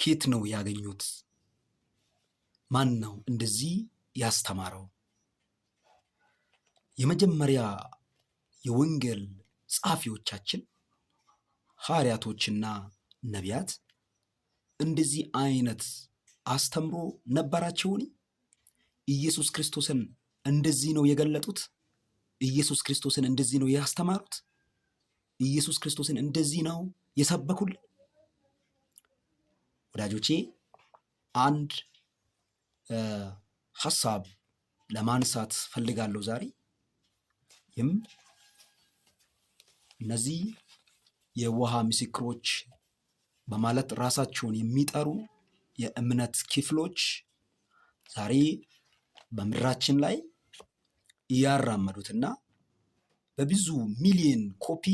ኬት ነው ያገኙት? ማን ነው እንደዚህ ያስተማረው? የመጀመሪያ የወንጌል ጸሐፊዎቻችን ሐዋርያቶችና ነቢያት እንደዚህ አይነት አስተምሮ ነበራቸውን? ኢየሱስ ክርስቶስን እንደዚህ ነው የገለጡት? ኢየሱስ ክርስቶስን እንደዚህ ነው ያስተማሩት? ኢየሱስ ክርስቶስን እንደዚህ ነው የሰበኩልን? ወዳጆቼ አንድ ሀሳብ ለማንሳት ፈልጋለሁ ዛሬ። ይህም እነዚህ የውሃ ምስክሮች በማለት ራሳቸውን የሚጠሩ የእምነት ክፍሎች ዛሬ በምድራችን ላይ እያራመዱትና በብዙ ሚሊዮን ኮፒ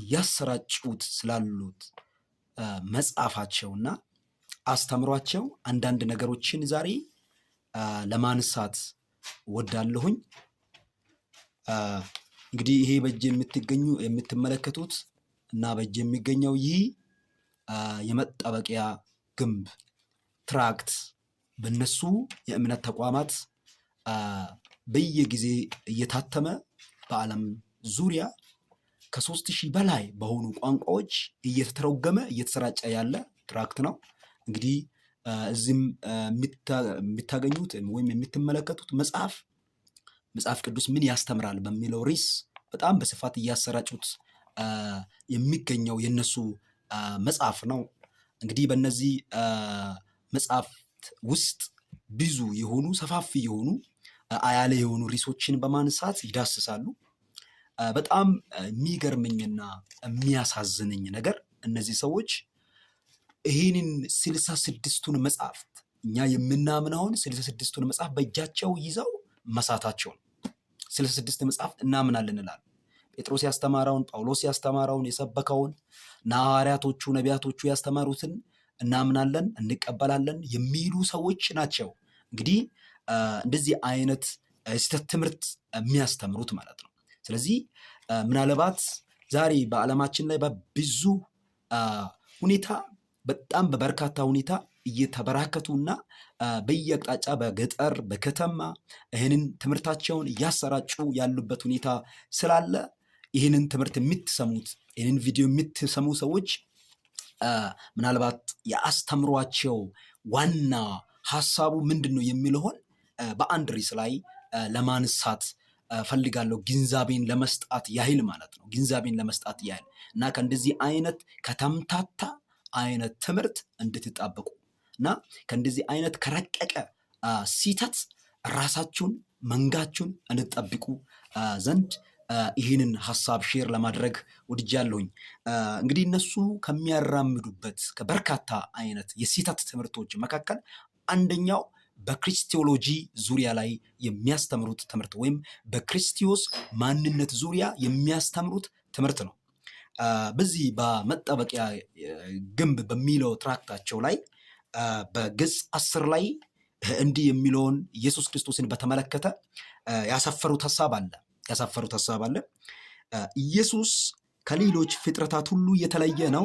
እያሰራጩት ስላሉት መጽሐፋቸውና አስተምሯቸው አንዳንድ ነገሮችን ዛሬ ለማንሳት ወዳለሁኝ። እንግዲህ ይሄ በእጅ የምትገኙ የምትመለከቱት እና በእጅ የሚገኘው ይህ የመጠበቂያ ግንብ ትራክት በነሱ የእምነት ተቋማት በየጊዜ እየታተመ በዓለም ዙሪያ ከሶስት ሺህ በላይ በሆኑ ቋንቋዎች እየተተረጎመ እየተሰራጨ ያለ ትራክት ነው። እንግዲህ እዚህም የምታገኙት ወይም የምትመለከቱት መጽሐፍ መጽሐፍ ቅዱስ ምን ያስተምራል በሚለው ርዕስ በጣም በስፋት እያሰራጩት የሚገኘው የነሱ መጽሐፍ ነው። እንግዲህ በእነዚህ መጽሐፍ ውስጥ ብዙ የሆኑ ሰፋፊ የሆኑ አያሌ የሆኑ ርዕሶችን በማንሳት ይዳስሳሉ። በጣም የሚገርመኝና የሚያሳዝነኝ ነገር እነዚህ ሰዎች ይህንን ስልሳ ስድስቱን መጽሐፍት እኛ የምናምነውን ስልሳ ስድስቱን መጽሐፍ በእጃቸው ይዘው መሳታቸውን ስልሳ ስድስት መጽሐፍት እናምናለን እንላለን። ጴጥሮስ ያስተማረውን፣ ጳውሎስ ያስተማረውን፣ የሰበከውን ሐዋርያቶቹ ነቢያቶቹ ያስተማሩትን እናምናለን፣ እንቀበላለን የሚሉ ሰዎች ናቸው። እንግዲህ እንደዚህ አይነት ስህተት ትምህርት የሚያስተምሩት ማለት ነው። ስለዚህ ምናልባት ዛሬ በዓለማችን ላይ በብዙ ሁኔታ በጣም በበርካታ ሁኔታ እየተበራከቱ እና በየአቅጣጫ በገጠር በከተማ ይህንን ትምህርታቸውን እያሰራጩ ያሉበት ሁኔታ ስላለ ይህንን ትምህርት የምትሰሙት ይህንን ቪዲዮ የምትሰሙ ሰዎች ምናልባት የአስተምሯቸው ዋና ሀሳቡ ምንድን ነው የሚለውን በአንድ ርዕስ ላይ ለማንሳት ፈልጋለሁ ግንዛቤን ለመስጣት ያህል ማለት ነው። ግንዛቤን ለመስጣት ያህል እና ከእንደዚህ አይነት ከተምታታ አይነት ትምህርት እንድትጣበቁ እና ከእንደዚህ አይነት ከረቀቀ ሲተት ራሳችሁን መንጋችሁን እንድትጠብቁ ዘንድ ይህንን ሀሳብ ሼር ለማድረግ ወድጃለሁኝ። እንግዲህ እነሱ ከሚያራምዱበት ከበርካታ አይነት የሲተት ትምህርቶች መካከል አንደኛው በክርስቲዮሎጂ ዙሪያ ላይ የሚያስተምሩት ትምህርት ወይም በክርስቶስ ማንነት ዙሪያ የሚያስተምሩት ትምህርት ነው። በዚህ በመጠበቂያ ግንብ በሚለው ትራክታቸው ላይ በገጽ አስር ላይ እንዲህ የሚለውን ኢየሱስ ክርስቶስን በተመለከተ ያሰፈሩት ሀሳብ አለ ያሰፈሩት ሀሳብ አለ ኢየሱስ ከሌሎች ፍጥረታት ሁሉ የተለየ ነው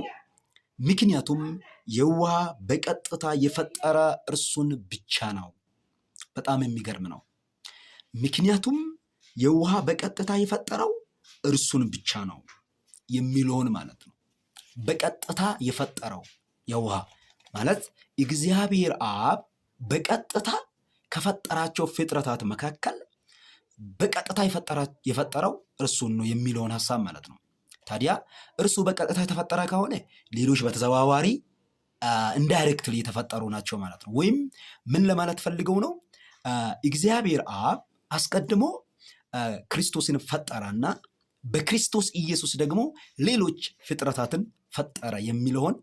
ምክንያቱም የውሃ በቀጥታ የፈጠረ እርሱን ብቻ ነው። በጣም የሚገርም ነው። ምክንያቱም የውሃ በቀጥታ የፈጠረው እርሱን ብቻ ነው የሚለውን ማለት ነው። በቀጥታ የፈጠረው የውሃ ማለት እግዚአብሔር አብ በቀጥታ ከፈጠራቸው ፍጥረታት መካከል በቀጥታ የፈጠረው እርሱን ነው የሚለውን ሀሳብ ማለት ነው። ታዲያ እርሱ በቀጥታ የተፈጠረ ከሆነ ሌሎች በተዘዋዋሪ እንዳይሬክትሊ የተፈጠሩ ናቸው ማለት ነው። ወይም ምን ለማለት ፈልገው ነው? እግዚአብሔር አብ አስቀድሞ ክርስቶስን ፈጠረና በክርስቶስ ኢየሱስ ደግሞ ሌሎች ፍጥረታትን ፈጠረ የሚለውን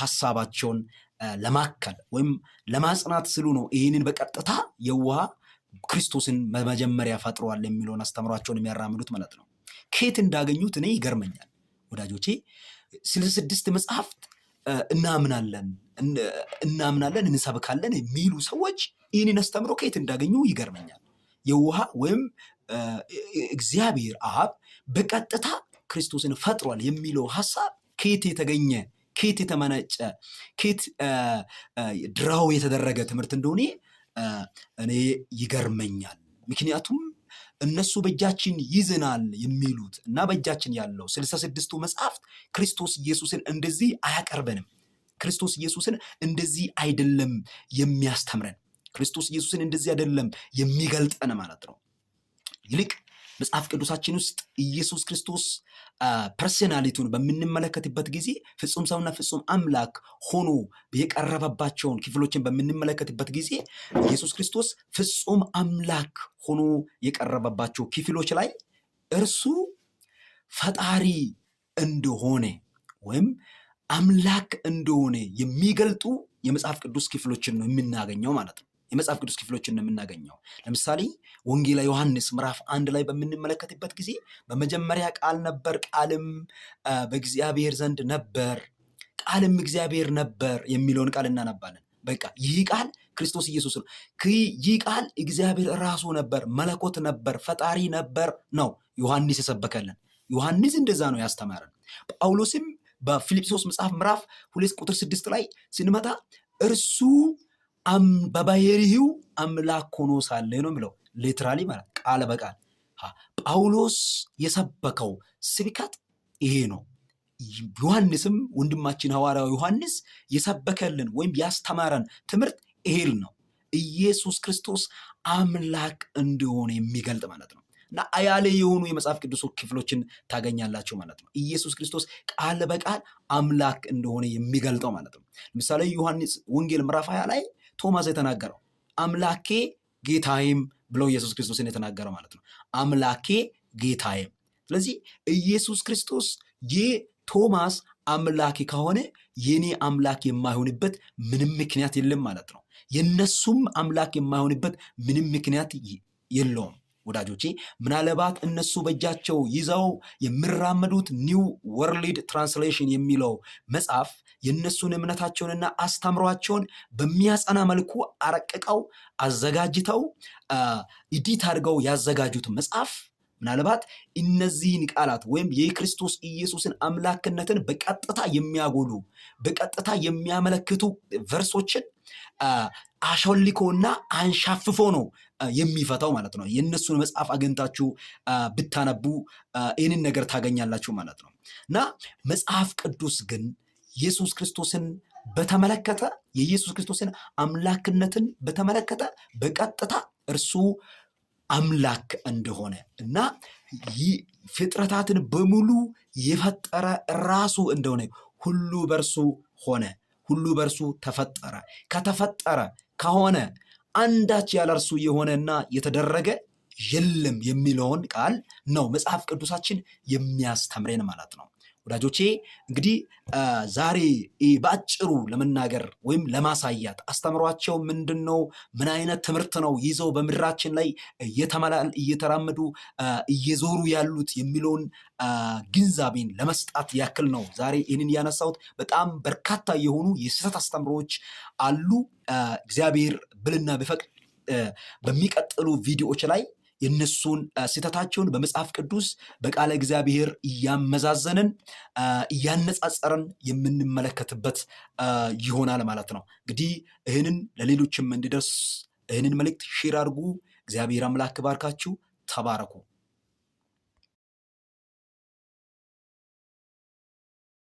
ሀሳባቸውን ለማከል ወይም ለማጽናት ስሉ ነው ይህንን በቀጥታ የውሃ ክርስቶስን በመጀመሪያ ፈጥሯል የሚለውን አስተምሯቸውን የሚያራምዱት ማለት ነው። ከየት እንዳገኙት እኔ ይገርመኛል ወዳጆቼ። ስለ ስድስት መጽሐፍት እናምናለን እናምናለን እንሰብካለን የሚሉ ሰዎች ይህንን አስተምሮ ከየት እንዳገኙ ይገርመኛል። የውሃ ወይም እግዚአብሔር አብ በቀጥታ ክርስቶስን ፈጥሯል የሚለው ሀሳብ ከየት የተገኘ ከየት የተመነጨ ከየት ድራው የተደረገ ትምህርት እንደሆነ እኔ ይገርመኛል። ምክንያቱም እነሱ በእጃችን ይዝናል የሚሉት እና በእጃችን ያለው ስልሳ ስድስቱ መጽሐፍት ክርስቶስ ኢየሱስን እንደዚህ አያቀርበንም። ክርስቶስ ኢየሱስን እንደዚህ አይደለም የሚያስተምረን። ክርስቶስ ኢየሱስን እንደዚህ አይደለም የሚገልጠን ማለት ነው። ይልቅ መጽሐፍ ቅዱሳችን ውስጥ ኢየሱስ ክርስቶስ ፐርሶናሊቲውን በምንመለከትበት ጊዜ ፍጹም ሰውና ፍጹም አምላክ ሆኖ የቀረበባቸውን ክፍሎችን በምንመለከትበት ጊዜ ኢየሱስ ክርስቶስ ፍጹም አምላክ ሆኖ የቀረበባቸው ክፍሎች ላይ እርሱ ፈጣሪ እንደሆነ ወይም አምላክ እንደሆነ የሚገልጡ የመጽሐፍ ቅዱስ ክፍሎችን ነው የምናገኘው ማለት ነው። የመጽሐፍ ቅዱስ ክፍሎችን ነው የምናገኘው። ለምሳሌ ወንጌላ ዮሐንስ ምዕራፍ አንድ ላይ በምንመለከትበት ጊዜ በመጀመሪያ ቃል ነበር፣ ቃልም በእግዚአብሔር ዘንድ ነበር፣ ቃልም እግዚአብሔር ነበር የሚለውን ቃል እናነባለን። በቃ ይህ ቃል ክርስቶስ ኢየሱስ ነው። ይህ ቃል እግዚአብሔር ራሱ ነበር፣ መለኮት ነበር፣ ፈጣሪ ነበር ነው ዮሐንስ የሰበከልን። ዮሐንስ እንደዛ ነው ያስተማረን። ጳውሎስም በፊልጵሶስ መጽሐፍ ምዕራፍ ሁለት ቁጥር ስድስት ላይ ስንመጣ እርሱ በባህሪው አምላክ ሆኖ ሳለ ነው የሚለው ሌትራሊ ማለት ቃል በቃል ጳውሎስ የሰበከው ስብከት ይሄ ነው። ዮሐንስም ወንድማችን ሐዋርያው ዮሐንስ የሰበከልን ወይም ያስተማረን ትምህርት ይሄል ነው። ኢየሱስ ክርስቶስ አምላክ እንደሆነ የሚገልጥ ማለት ነው። እና አያሌ የሆኑ የመጽሐፍ ቅዱስ ክፍሎችን ታገኛላችሁ ማለት ነው። ኢየሱስ ክርስቶስ ቃል በቃል አምላክ እንደሆነ የሚገልጠው ማለት ነው። ለምሳሌ ዮሐንስ ወንጌል ምዕራፍ 20 ላይ ቶማስ የተናገረው አምላኬ ጌታዬም ብለው ኢየሱስ ክርስቶስን የተናገረው ማለት ነው። አምላኬ ጌታዬም። ስለዚህ ኢየሱስ ክርስቶስ የቶማስ አምላኬ ከሆነ የኔ አምላክ የማይሆንበት ምንም ምክንያት የለም ማለት ነው። የነሱም አምላክ የማይሆንበት ምንም ምክንያት የለውም። ወዳጆቼ ምናልባት እነሱ በእጃቸው ይዘው የሚራመዱት ኒው ወርልድ ትራንስሌሽን የሚለው መጽሐፍ የእነሱን እምነታቸውንና አስተምሯቸውን በሚያጸና መልኩ አረቅቀው አዘጋጅተው ኢዲት አድርገው ያዘጋጁት መጽሐፍ ምናልባት እነዚህን ቃላት ወይም የክርስቶስ ኢየሱስን አምላክነትን በቀጥታ የሚያጎሉ በቀጥታ የሚያመለክቱ ቨርሶችን አሾልኮና አንሻፍፎ ነው የሚፈታው ማለት ነው። የእነሱን መጽሐፍ አግኝታችሁ ብታነቡ ይህንን ነገር ታገኛላችሁ ማለት ነው እና መጽሐፍ ቅዱስ ግን ኢየሱስ ክርስቶስን በተመለከተ የኢየሱስ ክርስቶስን አምላክነትን በተመለከተ በቀጥታ እርሱ አምላክ እንደሆነ እና ፍጥረታትን በሙሉ የፈጠረ ራሱ እንደሆነ ሁሉ በርሱ ሆነ፣ ሁሉ በርሱ ተፈጠረ። ከተፈጠረ ከሆነ አንዳች ያለ እርሱ የሆነና የተደረገ የለም የሚለውን ቃል ነው መጽሐፍ ቅዱሳችን የሚያስተምረን ማለት ነው። ወዳጆቼ እንግዲህ ዛሬ በአጭሩ ለመናገር ወይም ለማሳያት አስተምሯቸው ምንድን ነው? ምን አይነት ትምህርት ነው ይዘው በምድራችን ላይ እየተራመዱ እየዞሩ ያሉት የሚለውን ግንዛቤን ለመስጣት ያክል ነው ዛሬ ይህንን ያነሳሁት። በጣም በርካታ የሆኑ የስህተት አስተምሮዎች አሉ። እግዚአብሔር ብልና ቢፈቅድ በሚቀጥሉ ቪዲዮዎች ላይ የነሱን ስህተታቸውን በመጽሐፍ ቅዱስ በቃለ እግዚአብሔር እያመዛዘንን እያነጻጸረን የምንመለከትበት ይሆናል ማለት ነው። እንግዲህ ይህንን ለሌሎችም እንዲደርስ ይህንን መልእክት ሼር አድርጉ። እግዚአብሔር አምላክ ባርካችሁ። ተባረኩ።